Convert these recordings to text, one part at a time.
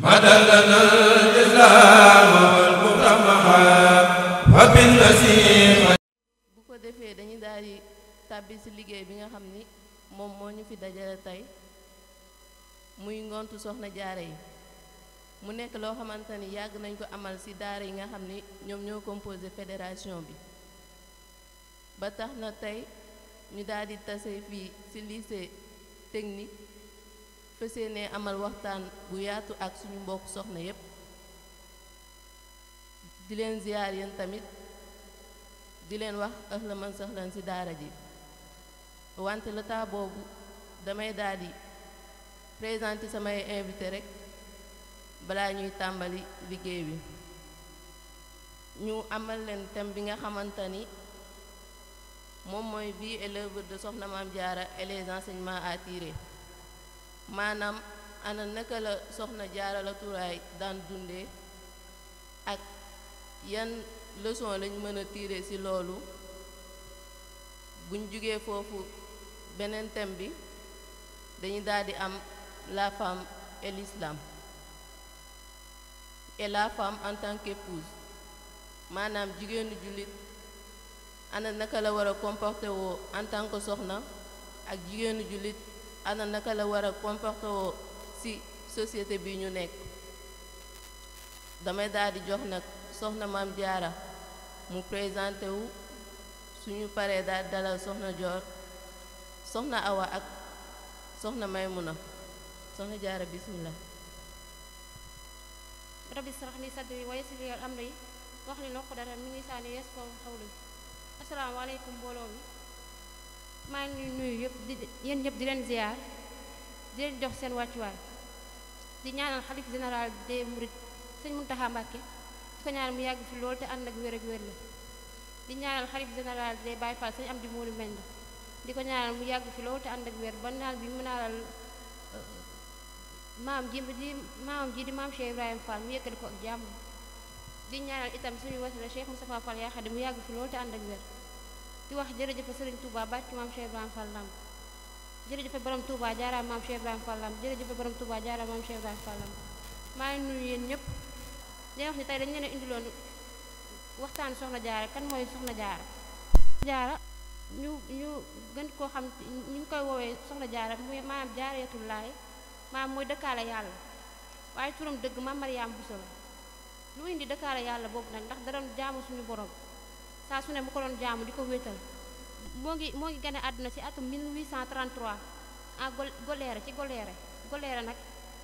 madalana al-islam wal-mutamaha wa bin-nasir tàbbi ci liggéey bi nga xam ni moom moo ñu fi dajale tey muy ngontu soxna jaare yi mu nekk loo xamante ni yàgg nañ ko amal ci daara yi nga xam ni ñoom ñoo composé fédération bi ba tax na tey ñu daal tase fii ci lycée technique fas ne amal waxtaan bu yaatu ak suñu mbokk soxna yépp di leen ziyaar yéen tamit di leen wax ahlan wa ci daara ji wante le temps boobu damay daal di présenter samay invité rek balaa ñuy tàmbali liggéey bi ñu amal leen thème bi nga xamante ni moom mooy vie et l'œuvre de Soxna Maam Jaara et les enseignements à tirer maanaam ana naka la Soxna Jaara la Turaay daan dundee ak yan leçon lañ mën a tirer ci loolu buñ jugee foofu beneen thème bi dañu daal di am la femme et l'islam et la femme en tant qu'épouse maanaam jigéenu jullit ana naka la war a comporté en tant que soxna ak jigéenu jullit ana naka la war a comporté woo ci société bi ñu nekk damay daal jox nag soxna maam jaara mu présenté wu suñu paree daal dalal soxna joor soxna awa ak soxna maymuna soxna jaara bismillah rabbi sarax li sadri wa yassir li amri waxlul uqdatan min lisaani yafqahu qawli asalaamaaleykum mbooloo mi maa ngi nuyu yëpp di yéen ñëpp di leen ziar di leen jox seen wàccuwaay di ñaanal xalif général des mourides sëñ Muntaxa Mbàkke di ko ñaanal mu yàgg fi loolu te ànd ak wér ak wér la di ñaanal xalif général des Baye Fall sëñ Amdi Mouride Mbenda di ko ñaanal mu yàgg fi loolu te ànd ak wér ba naan bi mu naalal maam ji maam maamam ji di maam Cheikh Ibrahima Fall di ñaanal itam suñu wasila Cheikh Moustapha Fall yaa xam ne mu yàgg fi loolu te ànd ak wér di wax jërëjëf Sëriñ Touba bàcc maam Cheikh Ibrahima Fall lam jërëjëf borom Touba jaaraam maam Cheikh Ibrahima Fall lam jërëjëf borom Touba jaaraam maam Cheikh Ibrahima Fall maa ngi nuyu yéen ñëpp wax ne tey dañ leen a indiloon waxtaan soxna jaara kan mooy soxna jaara jaara ñu ñu gën koo xam ñu ngi koy woowee soxla jaara muy maanaam jaareetul laay maam mooy dëkkaale yàlla waaye turam dëgg maam Mariyaam Buso la lu indi dëkkaale yàlla boobu nag ndax da doon jaamu suñu borom saa su ne mu ko doon jaamu di ko wéetal moo ngi moo ngi gane àdduna si atum 1833 en go goleere ci goleere goleere nag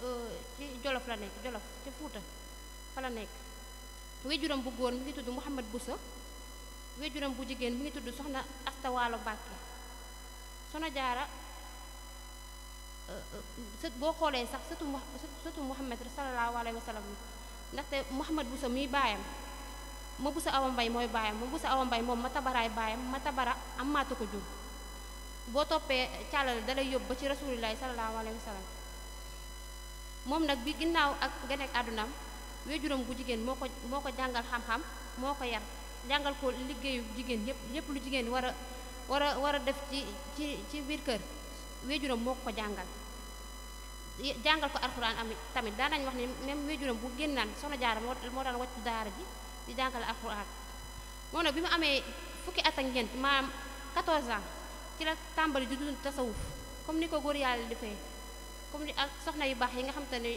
euh, ci jolof la nekk jolof ci fuuta fa la nekk wéjuram bu góor mi ngi tudd Mouhamad Buso wéjuram bu jigéen mi ngi tudd soxna astawaalo Mbàkke soxna jaara euh, euh, sët boo xoolee sax sëtu sëtu Muhammad sallallahu alayhi wa sallam ndaxte Muhammad Buso muy baayam ma Buso Awa Mbay mooy baayam ma Buso Awa Mbay moom ma tabaraay baayam ma tabara am maata ko jur boo toppee càllale dalay yóbbu ba ci rasulillahi sallallahu alayhi wa sallam moom nag bi ginnaaw ak ganeek àddunaam wéjuram bu jigéen moo ko moo ko jàngal xam-xam moo ko yar jàngal ko liggéeyu jigéen yépp yépp lu jigéen war a war a war a def ci ci ci biir kër wéjuram moo ko jàngal jàngal ko alxuraan am tamit daan nañ wax ne même wéjuram bu génnaan soxna jaara moo moo daan wàccu daara ji di jàngale alxuraan moom bi mu amee fukki at ak ñeent maanaam 14 ans ci la tàmbali di dund tasawuf comme ni ko góor yàlla defee comme ni ak soxna yu baax yi nga xam te ne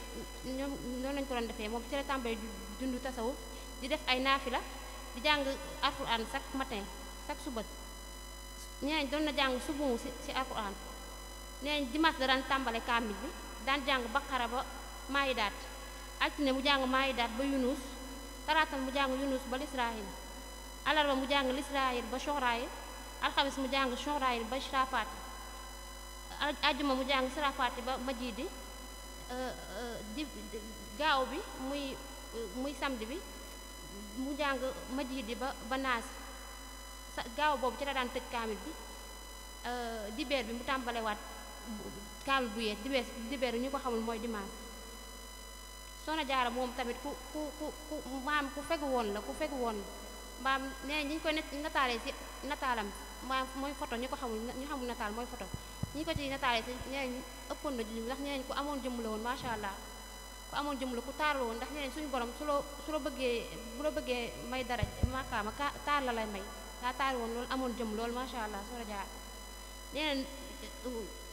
ñoom noonu lañu ko doon defee moom ci la tàmbali di dund tasawuf di def ay naafi la jàng alquran chaque matin chaque suba nee jàng subumu si si alquran nee nañ dimanche da daan tàmbale kaamil mu jàng maayidaat ba yunus taraatal mu jàng yunus ba lisraayil mu jàng lisraayil ba soxraayil alxamis mu jàng soxraayil ba sirafaati ajjuma mu jàng sirafaati ba majiidi euh, euh, gaaw bi muy euh, muy samedi bi mu jàng majidi ba ba naas gaaw boobu ci la daan tëj kaamil bi euh, dibeer bi mu tàmbalewaat kaamil bu yees dibeer dibeer bi ñu ko xamul mooy dimanche soxna jaara moom tamit ku ku ku ku maam ku fegu woon la ku fegu woon la maam nee ñi ñu koy nataalee ci nataalam maam mooy photo ñu ko xamul ñu xamul nataal mooy photo ñi ko ci nataalee ci nee ëppoon na jum ndax nee ku amoon jëmm la woon macha allah. ku amoon jëm la ku taarul woon ndax ñeneen suñu borom su loo su la bëggee la bëggee may dara makaama ka taar la lay may daa taar woon loolu amoon jëm loolu macha allah soo raja ñeneen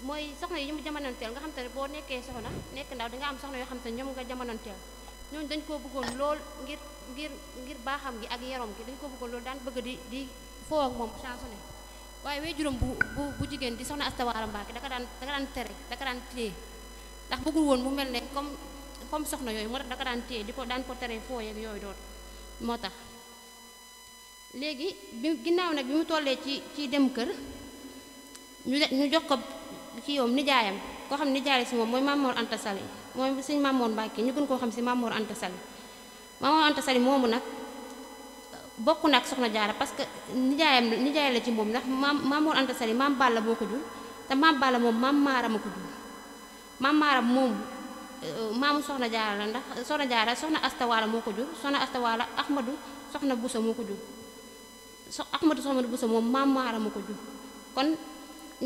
mooy soxna yi ñu jamonoonteel nga xam te ne boo nekkee soxna nekk ndaw di nga am soxna yoo xam te ne ñoom nga jamonoonteel ñooñu dañ koo bëggoon lool ngir ngir ngir baaxam gi ak yaram gi dañ ko bëggoon loolu daan bëgg di di foo ak moom chansonné waaye wee juróom bu bu bu jigéen di soxna Asta Walo Mbacke daka daan daka daan tere daan téye ndax bëggul woon mu comme soxna yooyu moo tax da daan téye di ko daan ko tere foo ak yooyu doon moo tax léegi bi ginnaaw nag bi mu tollee ci ci dem kër ñu ñu jox ko ci yow nijaayam koo xam nijaay si moom mooy Mamour Anta Sali mooy sëñ Mamour Mbacke ñu koo xam si Mamour Anta Sali Mamour moomu nag bokk na ak soxna jaara parce que nijaayam nijaay la ci moom ndax maam Mamour Anta Sali maam Balla boo ko jur te maam Balla moom maam Maara ma ko jur maam Maara moomu. maamu soxna jaara la ndax soxna jaara soxna astawaala moo ko jur soxna astawaala ahmadu soxna busa moo ko jur so ahmadu soxna busa moom maam maara moo ko jur kon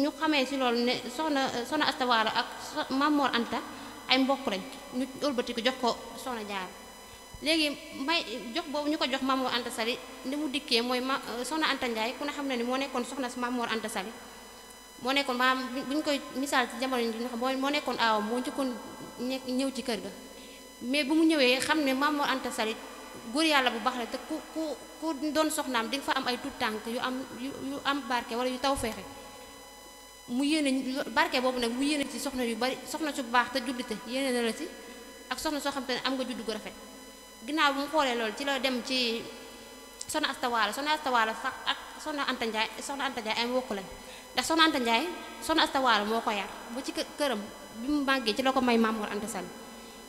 ñu xamee si loolu ne soxna soxna astawaala ak maam moor anta ay mbokk lañ ñu ëlbatiku jox ko soxna jaara léegi may jox ñu ko jox maam moor anta sali mu dikkee mooy ma soxna anta njaay ku ne xam ne moo nekkoon soxna si maam moor anta sali moo nekkoon maam bu ñu koy misaal ci jamono ji ñu xam moo nekkoon aawam moo njëkkoon nekk ñëw ci kër ga mais bu mu ñëwee xam ne Maam Mor Anta Sali góor yàlla bu baax la te ku ku ku doon soxnaam di fa am ay tout tànk yu am yu am barke wala yu taw feexe mu yéene barke boobu nag mu yéene ci soxna yu bari soxna su baax te juddite yéene na la ci ak soxna soo ne am nga juddu gu rafet ginnaaw bu mu xoolee loolu ci la dem ci soxna astawaala soxna astawaala sax ak soxna Anta Ndiaye soxna Anta Ndiaye ay wokk lañ ndax soxna Anta Ndiaye soxna astawaala moo ko yar ba ci këram bi mu màggee ci la ko may Mamour Anta Sall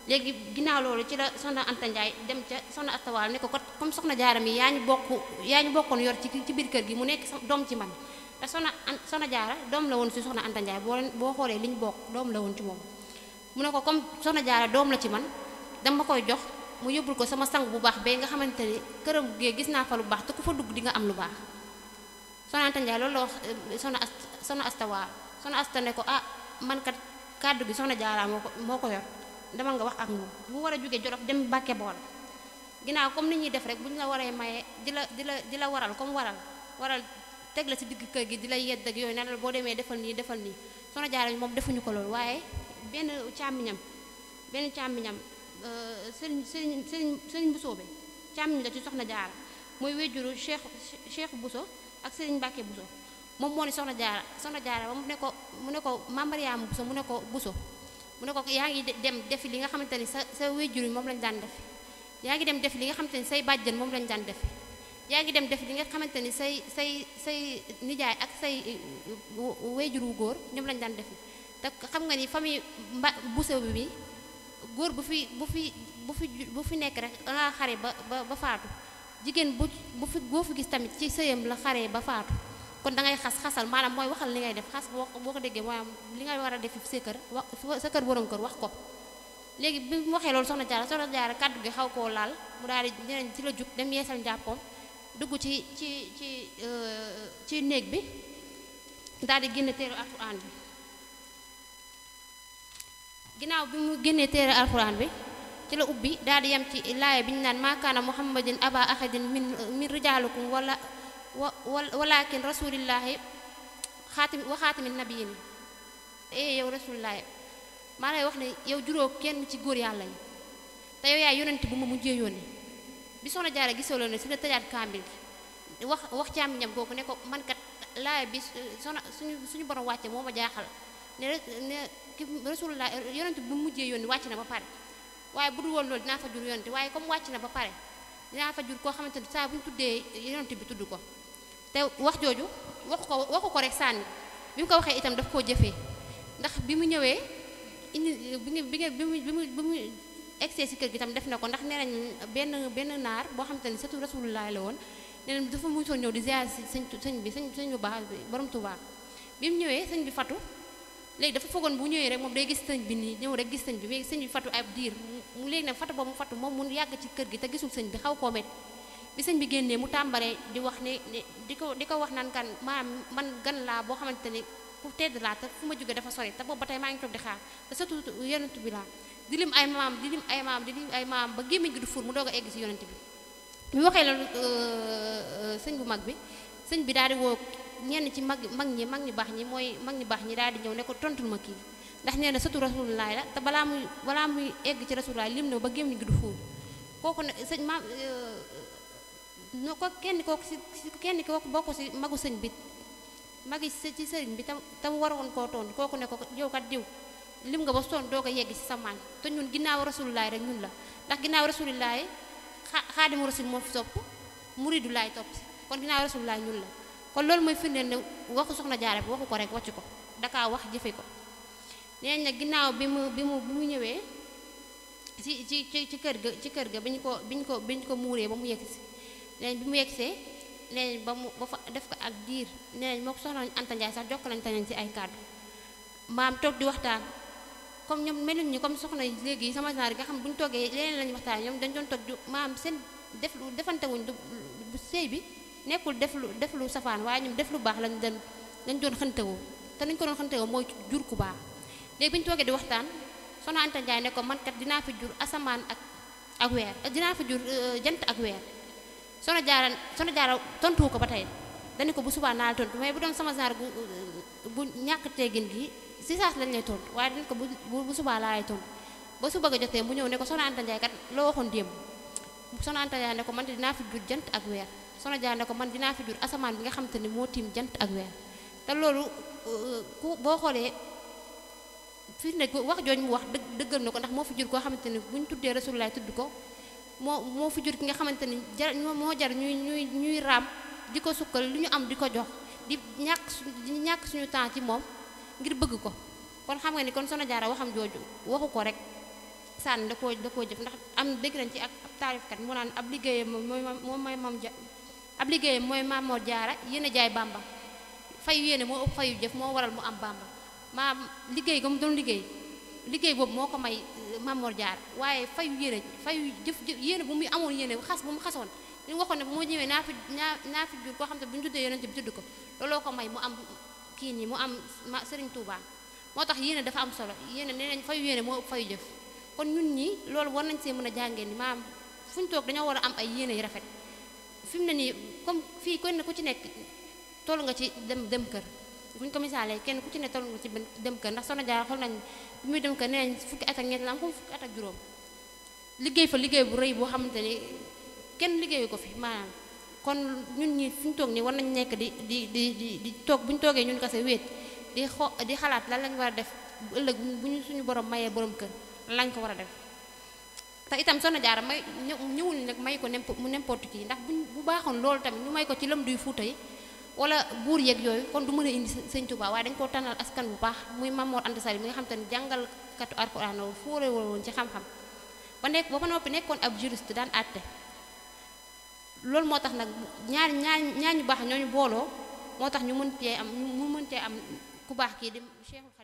léegi ginnaaw loolu ci la soxna Anta dem ca soxna Astawaal ne ko kat comme soxna jaaram yi yaa ñu bokk yaa ñu bokkoon yor ci ci biir kër gi mu nekk doom ci man te soxna an soxna jaara la woon si soxna Anta boo boo xoolee li ñu bokk woon ci moom mu ne ko comme soxna jaara doom la ci man dama koy jox mu yóbbul ko sama sang bu baax bee nga xamante ne këram gee gis fa lu baax te ku fa dugg di am lu baax soxna Anta Ndiaye loolu la wax eh, soxna Astawaal ne ko ah man kat kàddu gi soxna Jaara moo ko moo ko yor dama nga wax ak moom bu war a jóge Jolof dem Mbàkke Bawol ginnaaw comme ni ñuy def rek bu ñu la waree maye di la di la di la waral comme waral waral teg la ci digg kër gi di la yedd ak yooyu ne la boo demee defal nii defal nii soxna Jaara moom defuñu ko loolu waaye benn càmmiñam benn càmmiñam euh, sëriñ sëriñ sëriñ sëriñ Bousso bi càmmiñ la ci soxna Jaara mooy wéjuru Cheikh Cheikh Bousso ak sëriñ Mbàkke Bousso moom moo ni soxna jaara soxna jaara ba mu ne ko mu ne ko mambariyaam buso mu ne ko buso mu ne ko yaa ngi dem def li nga xamante ni sa sa wéjjur moom lañ daan def yaa ngi dem def li nga xamante ni say bàjjen moom lañ daan def yaa ngi dem def li nga xamante ni say say say nijaay ak say wéjjur wu góor ñoom lañ daan def te xam nga ni famille mba buso bi mi góor bu fi bu fi bu fi bu fi nekk rek nga xare ba ba faatu jigéen bu bu fi boo fi gis tamit ci sëyam la xare ba faatu kon da xas xasal maanaam mooy waxal li ngay def xas boo boo ko déggee mooy li ngay war a def sa kër wax sa kër borom kër wax ko léegi bi mu waxee loolu soxna jaara soxna jaara kàddu gi xaw koo laal mu daal di ñeneen ci la jug dem yeesal njàppoom dugg ci ci ci euh, ci néeg bi daal di génne téere alxuraan bi ginnaaw bi mu génnee téere alxuraan bi ci la ubbi daal di yem ci laaya bi ñu naan maakaana muhammadin aba ahadin min min rijaalikum wala wa walakin rasulillahi xaatim wa xaatimin nabiyin eh yow rasulillahi maa lay wax ne yow juróom kenn ci góor yàlla yi te yow yaay yonent bu ma mujjee yónni bi soxna jaara gisoo loolu si la tëjaat kaamil gi wax wax caam ñam googu ne ko man laay bi soxna suñu suñu borom wàcce moo ma jaaxal ne ne ki rasulullah yonent bu mu mujjee yónni wàcc na ba pare waaye bu woon loolu dinaa fa jur yonent waaye comme wàcc na ba pare dinaa fa jur koo xamante ne saa bu tuddee yonent bi tudd ko te wax jooju waxu ko waxu ko rek sànni bi mu ko waxee itam daf koo jëfee ndax bi mu ñëwee indi bi bi bi mu bi mu bi mu egsee si kër gi itam def na ko ndax nee benn benn naar boo xam te setu surtout rasulullah la woon nee nañ dafa mujjoon ñëw di ziar si sëñ sëñ bi sëñ sëñ bu baax bi borom Tuubaa bi mu ñëwee sëñ bi fatu léegi dafa foogoon bu ñëwee rek moom day gis sëñ bi nii ñëw rek gis sëñ bi léegi sëñ bi fatu ab diir mu léegi ne fatu boobu mu fatu moom mu yàgg ci kër gi te gisul sëñ bi xaw koo métti bi sëñ bi génnee mu tàmbalee di wax ne di ko di ko wax naan kan maanaam man gan laa boo xamante ni ku tedd laa te fu ma jógee dafa sori te boobu ba tey maa ngi toog di xaar te surtout yonent bi laa di lim ay maam di lim ay maam di lim ay maam ba gémmiñ gi du fur mu doog a egg si yonent bi bi euh, euh, bu mag bi sëñ bi daal di woo ñenn ci mag mag ñi mag ñi baax ñi mooy mag ñi baax ñi daal di ñëw ne ko tontul ma kii ndax nee na sëtu rasulullaay la te balaa muy balaa muy egg ci rasulullaay lim na ba gémmiñ gi du fur kooku ne sëñ maam euh, no ko kenn kooku si kenn kooku bokk si magu sëñ bi magi ci sëriñ bi tam tam waroon koo toon kooku ne ko yow jiw diw lim nga ba sonn doo ko yegg si sa maam te ñun ginnaaw rasulilaay rek ñun la ndax ginnaaw rasulilaay xaadimu rasul moo fi topp muridu laay topp kon ginnaaw rasulilaay ñun la kon loolu mooy firndeel ne waxu soxna jaare bi waxu ko rek wàccu ko dakaa wax jëfe ko nee na ginnaaw bi mu bi mu bi mu ñëwee ci ci ci kër ga ci kër ga bi ñu ko bi ñu ko bi ko muuree ba mu yekk si nee bi mu yegsee nee ba mu ba fa def ko ak diir nee nañ moo ko soxna Anta Ndiaye sax jokkalante nañ si ay kàddu maam toog di waxtaan comme ñoom meluñ ñu comme soxna yi léegi sama naar nga xam bu ñu toogee leneen lañu waxtaan ñoom dañ doon toog di maam seen def defantewuñ bu sëy bi nekkul def lu def safaan waaye ñoom def lu baax lañ doon lañ doon xëntewoo te nañ ko doon xëntewoo mooy jur ku baax léegi bi ñu toogee di waxtaan soxna Anta ne ko man dinaa fi jur asamaan ak ak weer dinaa fi jur euh, jant ak weer soxna jaara soxna jaara tontu ko ba tey dañu ko bu subaa naa la tontu mais bu doon sama genre bu bu ñàkk teggin gi si saas lañ lay tontu waaye dañ ko bu bu subaa laa lay tontu ba su bëgg jotee mu ñëw ne ko soxna Anta Ndiaye kat loo waxoon démb soxna Anta Ndiaye ne ko man dinaa fi jur jant ak weer soxna jaara ne ko man dinaa fi jur asamaan bi nga xam te ne moo tiim jant ak weer te loolu ku boo xoolee fii ne wax jooju mu wax dë dëggal na ko ndax moo fi jur koo xamante ne bu ñu tuddee Rasulullah tudd ko moo moo fi ki nga xamante ni jar moo jar ñuy ñuy ñuy raam di ko sukkal lu ñu am di ko jox di ñàkk suñu temps ci moom ngir bëgg ko kon xam nga ni kon Soxna Jaara waxam jooju waxu ko rek sànni da koo da koo jëf ndax am dégg nañ ci ak ab taarifkat mu naan ab liggéeyam mooy moom mooy moom ja ab liggéeyam mooy Mamoor Jaara yéen jaay Bàmba fayu yéene moo ëpp fayu jëf moo waral mu am Bàmba maam liggéey ga mu doon liggéey liggéey boobu moo ko may euh, Mamor Jaar waaye fayu yéene fayu jëf yéene bu muy amoon yéene xas bu mu xasoon li mu waxoon ne moo ñëwee naa fi naa naa fi jur xam ne bu ñu tuddee yonent bi tudd ko looloo ko may mu am kii nii mu am Sëriñ Tuubaa moo tax yéene dafa am solo yéene nee nañ fayu yéene moo fayu jëf kon ñun ñi loolu war nañ see mën a jàngeen maam fu ñu toog dañoo war a am ay yéene yu rafet fi mu ne nii comme fii kenn ku ci nekk toll nga ci dem dem kër bu ñu ko misaalee kenn ku ci ne toll nga ci dem kër ndax soxna Jaara nañ bi muy dem kër nee nañ fukki at ak ñett la am comme fukki at ak juróom liggéey fa liggéey bu rëy boo xamante ni kenn liggéeyu ko fi maanaam kon ñun ñi fu ñu toog nii war nañ nekk di di di di di toog bu ñu toogee ñun kese wéet di xo di xalaat lan lañ war a def bu ëllëg bu ñu suñu borom mayee borom kër lañ ko war a def te itam soxna Jaara may ñëwul nag may ko mu n'importe qui ndax bu bu baaxoon loolu tamit ñu may ko ci lëm duy fuuta wala buur yeeg yooyu kon du mën a indi sëñ Touba waaye dañ koo tànnal askan bu baax muy Mamor Anta Sali mi nga xam te ne jàngalkatu Alxuraan la fóore woon ci xam-xam ba nekk ba ba noppi nekkoon ab juriste daan àtte loolu moo tax nag ñaar ñaar ñaar ñu baax ñooñu booloo moo tax ñu mën cee am mën cee am ku baax kii di Cheikh